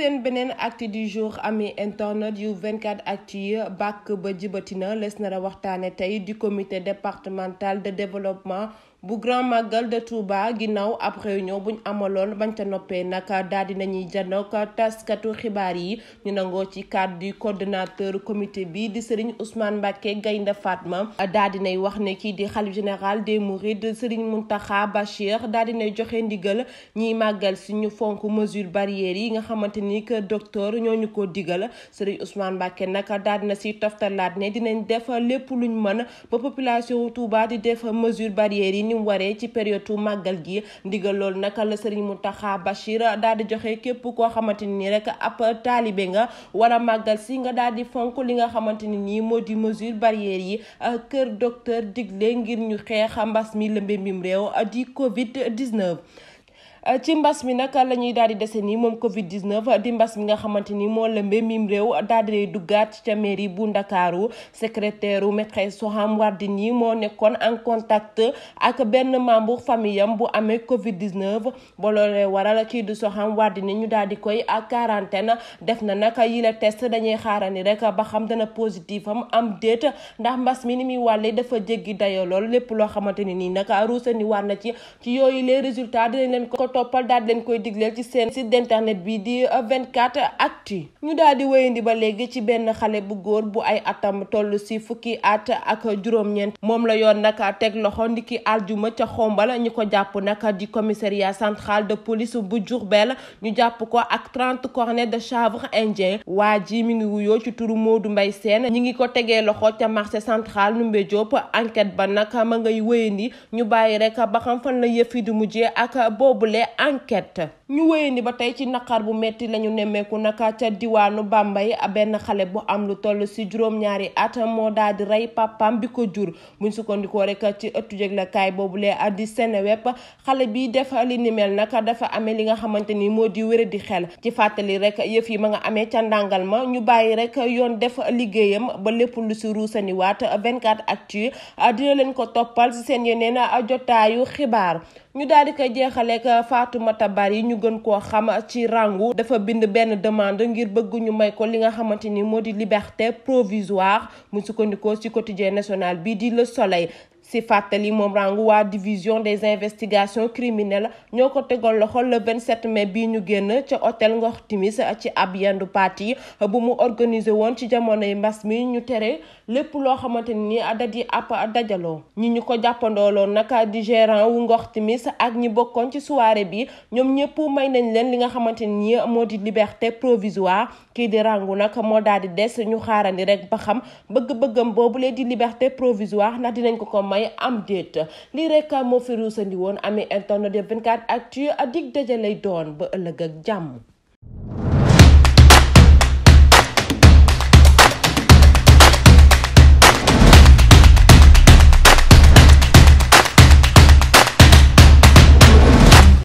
seen beneen acte du jour ami internet yu 24 actu yi bàkk ba jibatina les nar a waxtaane tey du commité départemental de développement bu grand magal de Touba ginnaaw ab réunion buñ amaloon bañ ca noppee nag daal di nañuy janook taskatu xibaar yi ñu nangoo ci cadre di coordonnateur comité bi di Serigne Ousmane Mbacke Gaynde Fatma daal di nay wax ne kii di xalif général de Mourides Serigne Mountakha Bachir daal di nay joxe ndigal ñiy màggal si ñu fonk mesure barrière yi nga xamante ni que docteur ñoo ñu ko digal Serigne Ousmane Mbacke naka daal na si toftalaat ne dinañ defa lépp luñ mën ba population Touba ni mu waree ci période màggal gi ndigal loolu naka la Serigne Mountakha Bachir daal di joxe képp koo xamante ni rek ab taalibe nga wala màggal si nga daal di fonk li nga xamante ni nii moo di mesure barrière yi a euh, kër docteur digle ngir ñu xeex mbas mi lëmbe mbim réew euh, di Covid 19. Euh, ci mbas mi nag la ñuy daal di dese nii moom Covid 19 di mbas mi nga xamante ni moo lëmbee mim réew daal di duggaat ca mairie bu Ndakaaru secrétaire u maîtresse Soham Wardini yi moo nekkoon en contact ak benn membre famille am bu amee Covid 19 ba loolee waral kii du Soham Wardini ñu daal di koy ak quarantaine def na naka yi la test dañuy xaarani rek ba xam dana positif am am déet ndax mbas mi ni muy wàlle dafa jéggi dayo lool lépp loo xamante ni nii nag ruusani war na ci ci yooyu les résultats dinañ leen ko toppal daal leen koy digleel ci seen site d'internet bi di 24 actu ñu daal di wéyandi ba léegi ci benn xale bu góor bu ay atam toll si fukki at ak juróom-ñeent moom la yoon nag teg loxo ndiki aljuma ca xombal ñu ko jàpp nag di commissariat central de police bu Diourbel ñu jàpp ko ak 30 cornets de chèvre indien waa ji mu ngi wuyoo ci turu Modou mbay seen ñi ngi ko tegee loxo ca marché central Numbe Diop enquête ba nag ma ngay wéyandi ñu bàyyi loolee enquête ñu wéyandi ba tey ci naqar bu metti lañu nemmeeku naka ca diwaanu Bambey benn xale bu am lu toll si juróom-ñaari at moo daal di rey papam bi ko jur buñ sukkandikoo rek ci ëttu lee boobule di Seneweb xale bi def li ni mel naka dafa amee li nga xamante ni moo di wér di xel ci fàttali rek yëf yi ma nga amee ca ndàngal ma ñu bàyyi rek yoon def liggéeyam ba lépp lu si ruusaniwaat 24 actu dina leen ko toppal si seen yeneen jotaayu xibaar Fatoumata Bari ñu gën koo xam ci Rangou dafa bind benn demande ngir bëgguñu may ko li nga xamante ni moo di liberté provisoire mu sukkandikoo ci quotidien national bi di la Soleil si fàttali moom rangu waa division des investigations criminelles ñoo ko tegal loxo le 27 mai bi ñu génn ca hôtel Ngor Timis ci ab yendu parti bu mu organisé woon ci jamonoy mbas mi ñu tere lépp loo xamante ni daj yi ab dajaloo ñi ñu ko loon naka di gérant wu ngox Timis ak ñi bokkoon ci soirée bi ñoom ñëpp may nañ leen li nga xamante ni moo di liberté provisoire kii di rangu nag moo daal di des ñu xaarandi rek ba xam yi am déet lii rek moo fi ruusandi woon amee internet de 24 actu ak dig dajalay doon ba ëllëg ak jàmm